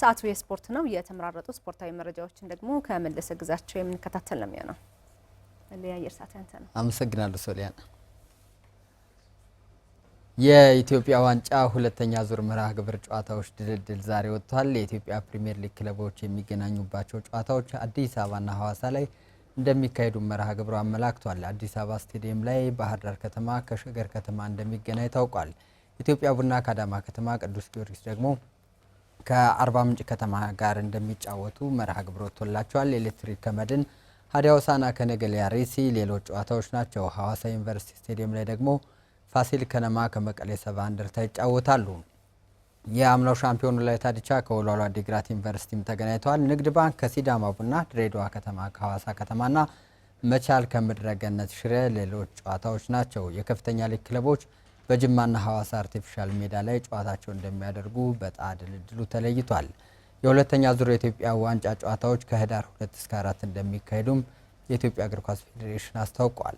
ሰዓቱ የስፖርት ነው። የተመራረጡ ስፖርታዊ መረጃዎችን ደግሞ ከመለሰ ግዛቸው የምንከታተል ነው የሚሆነው። ለያየር ሰዓት ያንተ ነው። አመሰግናለሁ ሶሊያን። የኢትዮጵያ ዋንጫ ሁለተኛ ዙር መርሃ ግብር ጨዋታዎች ድልድል ዛሬ ወጥቷል። የኢትዮጵያ ፕሪምየር ሊግ ክለቦች የሚገናኙባቸው ጨዋታዎች አዲስ አበባና ሐዋሳ ላይ እንደሚካሄዱ መርሃ ግብሩ አመላክቷል። አዲስ አበባ ስቴዲየም ላይ ባህር ዳር ከተማ ከሸገር ከተማ እንደሚገናኝ ታውቋል። ኢትዮጵያ ቡና ከአዳማ ከተማ፣ ቅዱስ ጊዮርጊስ ደግሞ ከአርባ ምንጭ ከተማ ጋር እንደሚጫወቱ መርሃ ግብሮ ቶላቸዋል። ኤሌክትሪክ ከመድን፣ ሀዲያ ሆሳዕና ከነገሌ አርሲ ሌሎች ጨዋታዎች ናቸው። ሀዋሳ ዩኒቨርሲቲ ስቴዲየም ላይ ደግሞ ፋሲል ከነማ ከመቀሌ ሰባ እንደርታ ይጫወታሉ። የአምናው ሻምፒዮን ወላይታ ዲቻ ከወሏሏ ዲግራት ዩኒቨርሲቲም ተገናኝተዋል። ንግድ ባንክ ከሲዳማ ቡና፣ ድሬዳዋ ከተማ ከሀዋሳ ከተማና መቻል ከምድረገነት ሽረ ሌሎች ጨዋታዎች ናቸው። የከፍተኛ ሊግ ክለቦች በጅማና ሐዋሳ አርቲፊሻል ሜዳ ላይ ጨዋታቸውን እንደሚያደርጉ በጣድ ድልድሉ ተለይቷል። የሁለተኛ ዙር የኢትዮጵያ ዋንጫ ጨዋታዎች ከህዳር 2 እስከ 4 እንደሚካሄዱም የኢትዮጵያ እግር ኳስ ፌዴሬሽን አስታውቋል።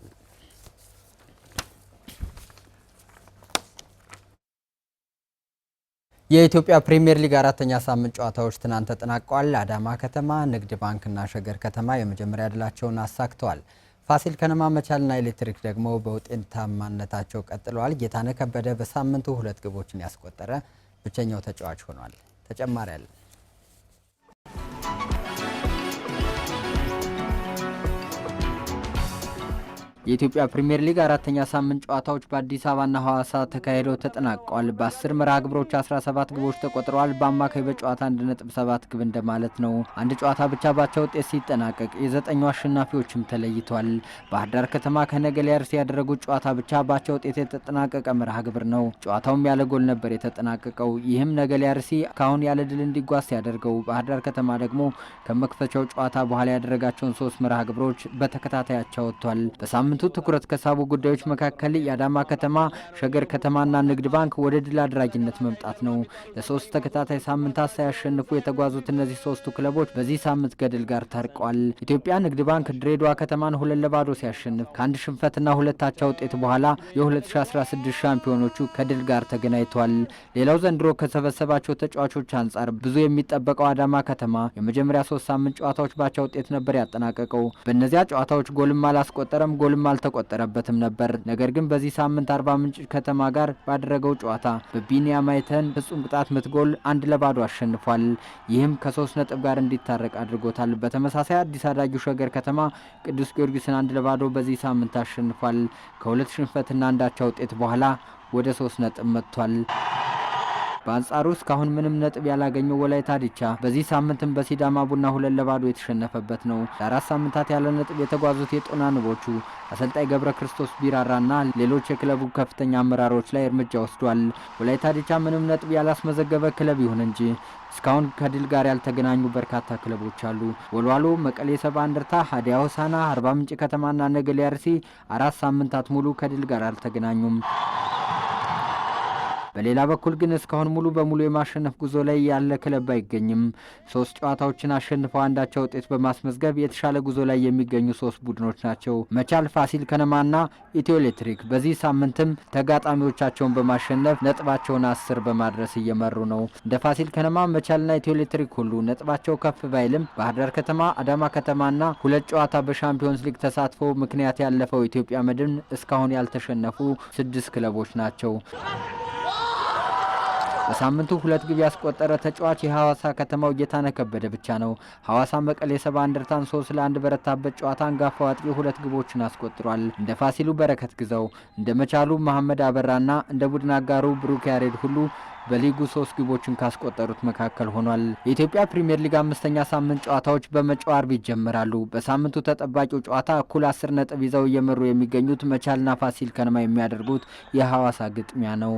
የኢትዮጵያ ፕሪምየር ሊግ አራተኛ ሳምንት ጨዋታዎች ትናንት ተጠናቀዋል። አዳማ ከተማ፣ ንግድ ባንክና ሸገር ከተማ የመጀመሪያ ድላቸውን አሳክተዋል። ፋሲል ከነማ መቻልና ኤሌክትሪክ ደግሞ በውጤታማነታቸው ቀጥለዋል። ጌታነህ ከበደ በሳምንቱ ሁለት ግቦችን ያስቆጠረ ብቸኛው ተጫዋች ሆኗል። ተጨማሪ አለን። የኢትዮጵያ ፕሪምየር ሊግ አራተኛ ሳምንት ጨዋታዎች በአዲስ አበባና ሐዋሳ ተካሂደው ተጠናቀዋል በአስር ምርሃ መርሃ ግብሮች 17 ግቦች ተቆጥረዋል። በአማካይ በጨዋታ 1.7 ግብ እንደማለት ነው። አንድ ጨዋታ ብቻ ባቻ ውጤት ሲጠናቀቅ የዘጠኙ አሸናፊዎችም ተለይቷል። ባህርዳር ከተማ ከነገሌ አርሲ ያደረጉት ጨዋታ ብቻ ባቻ ውጤት የተጠናቀቀ መርሃ ግብር ነው። ጨዋታውም ያለ ጎል ነበር የተጠናቀቀው። ይህም ነገሌ አርሲ ካሁን ያለ ድል እንዲጓዝ ሲያደርገው፣ ባህርዳር ከተማ ደግሞ ከመክፈቻው ጨዋታ በኋላ ያደረጋቸውን ሶስት መርሃ ግብሮች በተከታታይ ወጥቷል። በሳምንት በሳምንቱ ትኩረት ከሳቡ ጉዳዮች መካከል የአዳማ ከተማ፣ ሸገር ከተማና ንግድ ባንክ ወደ ድል አድራጊነት መምጣት ነው። ለሶስት ተከታታይ ሳምንታት ሳያሸንፉ የተጓዙት እነዚህ ሶስቱ ክለቦች በዚህ ሳምንት ገድል ጋር ታርቀዋል። ኢትዮጵያ ንግድ ባንክ ድሬዳዋ ከተማን ሁለት ለባዶ ሲያሸንፍ ከአንድ ሽንፈትና ሁለት አቻ ውጤት በኋላ የ2016 ሻምፒዮኖቹ ከድል ጋር ተገናኝቷል። ሌላው ዘንድሮ ከሰበሰባቸው ተጫዋቾች አንጻር ብዙ የሚጠበቀው አዳማ ከተማ የመጀመሪያ ሶስት ሳምንት ጨዋታዎች ባቻ ውጤት ነበር ያጠናቀቀው። በእነዚያ ጨዋታዎች ጎልም አላስቆጠረም፣ ጎልም ግብም አልተቆጠረበትም ነበር። ነገር ግን በዚህ ሳምንት አርባ ምንጭ ከተማ ጋር ባደረገው ጨዋታ በቢኒያም አይተን ፍጹም ቅጣት ምት ጎል አንድ ለባዶ አሸንፏል። ይህም ከሶስት ነጥብ ጋር እንዲታረቅ አድርጎታል። በተመሳሳይ አዲስ አዳጊው ሸገር ከተማ ቅዱስ ጊዮርጊስን አንድ ለባዶ በዚህ ሳምንት አሸንፏል። ከሁለት ሽንፈትና አንዳቻ ውጤት በኋላ ወደ ሶስት ነጥብ መጥቷል። በአንጻሩ እስካሁን ምንም ነጥብ ያላገኘው ወላይታ ዲቻ በዚህ ሳምንትም በሲዳማ ቡና ሁለት ለባዶ የተሸነፈበት ነው። ለአራት ሳምንታት ያለ ነጥብ የተጓዙት የጦና ንቦቹ አሰልጣኝ ገብረ ክርስቶስ ቢራራና ሌሎች የክለቡ ከፍተኛ አመራሮች ላይ እርምጃ ወስዷል። ወላይታ ዲቻ ምንም ነጥብ ያላስመዘገበ ክለብ ይሁን እንጂ እስካሁን ከድል ጋር ያልተገናኙ በርካታ ክለቦች አሉ። ወልዋሎ፣ መቀሌ ሰባ እንደርታ፣ ሀዲያ ሆሳና፣ አርባ ምንጭ ከተማና ነገሌ አርሲ አራት ሳምንታት ሙሉ ከድል ጋር አልተገናኙም። በሌላ በኩል ግን እስካሁን ሙሉ በሙሉ የማሸነፍ ጉዞ ላይ ያለ ክለብ አይገኝም። ሶስት ጨዋታዎችን አሸንፈው አንዳቸው ውጤት በማስመዝገብ የተሻለ ጉዞ ላይ የሚገኙ ሶስት ቡድኖች ናቸው መቻል፣ ፋሲል ከነማና ኢትዮ ኤሌክትሪክ። በዚህ ሳምንትም ተጋጣሚዎቻቸውን በማሸነፍ ነጥባቸውን አስር በማድረስ እየመሩ ነው። እንደ ፋሲል ከነማ መቻልና ኢትዮ ኤሌክትሪክ ሁሉ ነጥባቸው ከፍ ባይልም ባህርዳር ከተማ፣ አዳማ ከተማና ሁለት ጨዋታ በሻምፒዮንስ ሊግ ተሳትፎ ምክንያት ያለፈው ኢትዮጵያ መድን እስካሁን ያልተሸነፉ ስድስት ክለቦች ናቸው። በሳምንቱ ሁለት ግብ ያስቆጠረ ተጫዋች የሐዋሳ ከተማው ጌታነህ ከበደ ብቻ ነው። ሐዋሳ መቀሌ ሰባ እንደርታን ሶስት ለአንድ በረታበት ጨዋታ አንጋፋው አጥቂ ሁለት ግቦችን አስቆጥሯል። እንደ ፋሲሉ በረከት ግዘው፣ እንደ መቻሉ መሐመድ አበራና እንደ ቡድን አጋሩ ብሩክ ያሬድ ሁሉ በሊጉ ሶስት ግቦችን ካስቆጠሩት መካከል ሆኗል። የኢትዮጵያ ፕሪምየር ሊግ አምስተኛ ሳምንት ጨዋታዎች በመጪው አርብ ይጀምራሉ። በሳምንቱ ተጠባቂው ጨዋታ እኩል አስር ነጥብ ይዘው እየመሩ የሚገኙት መቻልና ፋሲል ከነማ የሚያደርጉት የሐዋሳ ግጥሚያ ነው።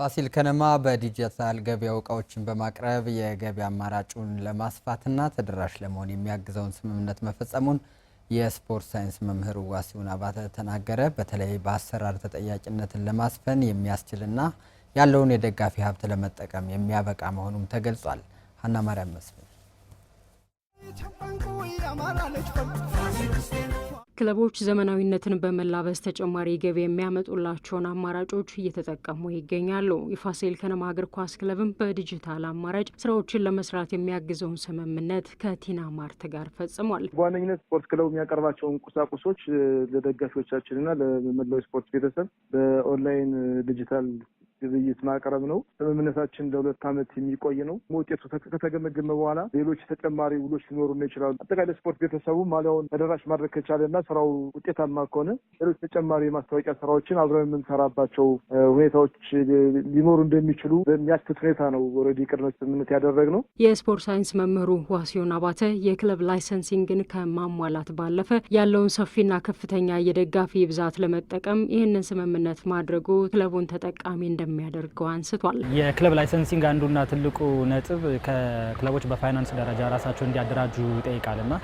ፋሲል ከነማ በዲጂታል ገበያ እቃዎችን በማቅረብ የገበያ አማራጩን ለማስፋትና ተደራሽ ለመሆን የሚያግዘውን ስምምነት መፈጸሙን የስፖርት ሳይንስ መምህር ዋሲሁን አባተ ተናገረ። በተለይ በአሰራር ተጠያቂነትን ለማስፈን የሚያስችልና ያለውን የደጋፊ ሀብት ለመጠቀም የሚያበቃ መሆኑም ተገልጿል። ሀና ማርያም መስፍን ክለቦች ዘመናዊነትን በመላበስ ተጨማሪ ገቢ የሚያመጡላቸውን አማራጮች እየተጠቀሙ ይገኛሉ። የፋሲል ከነማ እግር ኳስ ክለብም በዲጂታል አማራጭ ስራዎችን ለመስራት የሚያግዘውን ስምምነት ከቲና ማርት ጋር ፈጽሟል። በዋነኝነት ስፖርት ክለቡ የሚያቀርባቸውን ቁሳቁሶች ለደጋፊዎቻችንና ለመላው ስፖርት ቤተሰብ በኦንላይን ዲጂታል ግብይት ማቅረብ ነው። ስምምነታችን ለሁለት ዓመት የሚቆይ ነው። ውጤቱ ከተገመገመ በኋላ ሌሎች ተጨማሪ ውሎች ሊኖሩ ነው ይችላሉ። አጠቃላይ ስፖርት ቤተሰቡ ማሊያውን ተደራሽ ማድረግ ከቻለና ስራው ውጤታማ ከሆነ ሌሎች ተጨማሪ የማስታወቂያ ስራዎችን አብረን የምንሰራባቸው ሁኔታዎች ሊኖሩ እንደሚችሉ በሚያስት ሁኔታ ነው ኦልሬዲ ቅድመ ስምምነት ያደረግነው። የስፖርት ሳይንስ መምህሩ ዋሲዮን አባተ የክለብ ላይሰንሲንግን ከማሟላት ባለፈ ያለውን ሰፊና ከፍተኛ የደጋፊ ብዛት ለመጠቀም ይህንን ስምምነት ማድረጉ ክለቡን ተጠቃሚ እንደ እንደሚያደርገው አንስቷል። የክለብ ላይሰንሲንግ አንዱና ትልቁ ነጥብ ከክለቦች በፋይናንስ ደረጃ ራሳቸው እንዲያደራጁ ይጠይቃልና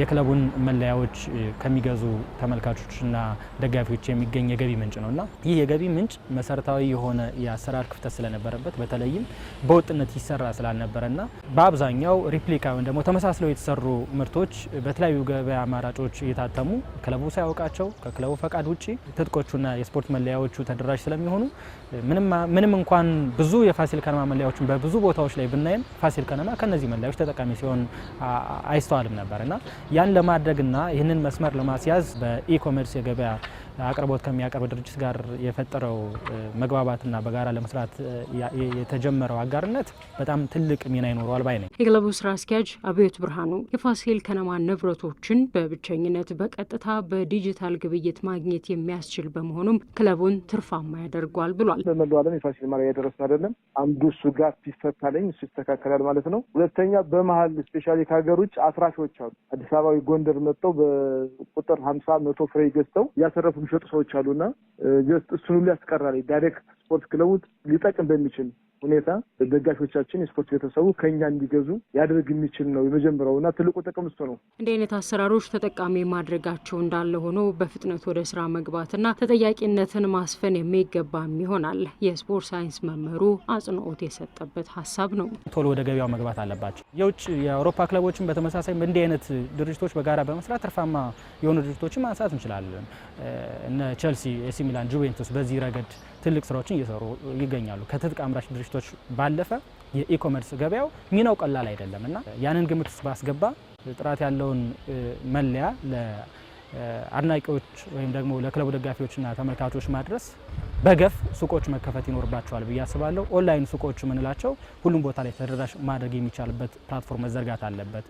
የክለቡን መለያዎች ከሚገዙ ተመልካቾችና ደጋፊዎች የሚገኝ የገቢ ምንጭ ነው ይህ የገቢ ምንጭ መሰረታዊ የሆነ የአሰራር ክፍተት ስለነበረበት በተለይም በወጥነት ይሰራ ስላልነበረና በአብዛኛው ሪፕሊካ ወይም ደግሞ ተመሳስለው የተሰሩ ምርቶች በተለያዩ ገበያ አማራጮች እየታተሙ ክለቡ ሳያውቃቸው ከክለቡ ፈቃድ ውጭ ትጥቆቹና የስፖርት መለያዎቹ ተደራሽ ስለሚሆኑ ምንም ከነማ ምንም እንኳን ብዙ የፋሲል ከነማ መለያዎችን በብዙ ቦታዎች ላይ ብናይም ፋሲል ከነማ ከነዚህ መለያዎች ተጠቃሚ ሲሆን አይስተዋልም ነበር እና ያን ለማድረግና ይህንን መስመር ለማስያዝ በኢኮሜርስ የገበያ አቅርቦት ከሚያቀርብ ድርጅት ጋር የፈጠረው መግባባትና በጋራ ለመስራት የተጀመረው አጋርነት በጣም ትልቅ ሚና ይኖረዋል ባይ ነኝ። የክለቡ ስራ አስኪያጅ አብዮት ብርሃኑ የፋሲል ከነማ ንብረቶችን በብቸኝነት በቀጥታ በዲጂታል ግብይት ማግኘት የሚያስችል በመሆኑም ክለቡን ትርፋማ ያደርጓል ብሏል። በመላው ዓለም የፋሲል ማሊያ የደረስን አይደለም። አንዱ እሱ ጋር ሲፈታለኝ እሱ ይስተካከላል ማለት ነው። ሁለተኛ በመሀል ስፔሻሊ ከሀገር ውጭ አትራፊዎች አሉ። አዲስ አበባዊ ጎንደር መጥተው በቁጥር ሀምሳ መቶ ፍሬ ገዝተው ያተረፉ የሚሸጡ ሰዎች አሉና ጀስት እሱን ሁሉ ያስቀራል። ዳይሬክት ስፖርት ክለቡት ሊጠቅም በሚችል ሁኔታ ደጋፊዎቻችን የስፖርት ቤተሰቡ ከኛ እንዲገዙ ያደርግ የሚችል ነው የመጀመሪያው እና ትልቁ ጥቅም እሱ ነው። እንዲህ አይነት አሰራሮች ተጠቃሚ ማድረጋቸው እንዳለ ሆኖ በፍጥነት ወደ ስራ መግባትና ተጠያቂነትን ማስፈን የሚገባም ይሆናል። የስፖርት ሳይንስ መምህሩ አጽንኦት የሰጠበት ሀሳብ ነው። ቶሎ ወደ ገበያው መግባት አለባቸው። የውጭ የአውሮፓ ክለቦችን በተመሳሳይ እንዲህ አይነት ድርጅቶች በጋራ በመስራት ትርፋማ የሆኑ ድርጅቶችን ማንሳት እንችላለን። እነ ቸልሲ፣ ኤሲ ሚላን፣ ጁቬንቱስ በዚህ ረገድ ትልቅ ስራዎችን እየሰሩ ይገኛሉ። ከትጥቅ አምራች ድርጅቶች ባለፈ የኢኮመርስ ገበያው ሚናው ቀላል አይደለም እና ያንን ግምት ውስጥ ባስገባ ጥራት ያለውን መለያ ለአድናቂዎች ወይም ደግሞ ለክለቡ ደጋፊዎችና ተመልካቾች ማድረስ በገፍ ሱቆች መከፈት ይኖርባቸዋል ብዬ አስባለሁ። ኦንላይን ሱቆች የምንላቸው ሁሉም ቦታ ላይ ተደራሽ ማድረግ የሚቻልበት ፕላትፎርም መዘርጋት አለበት።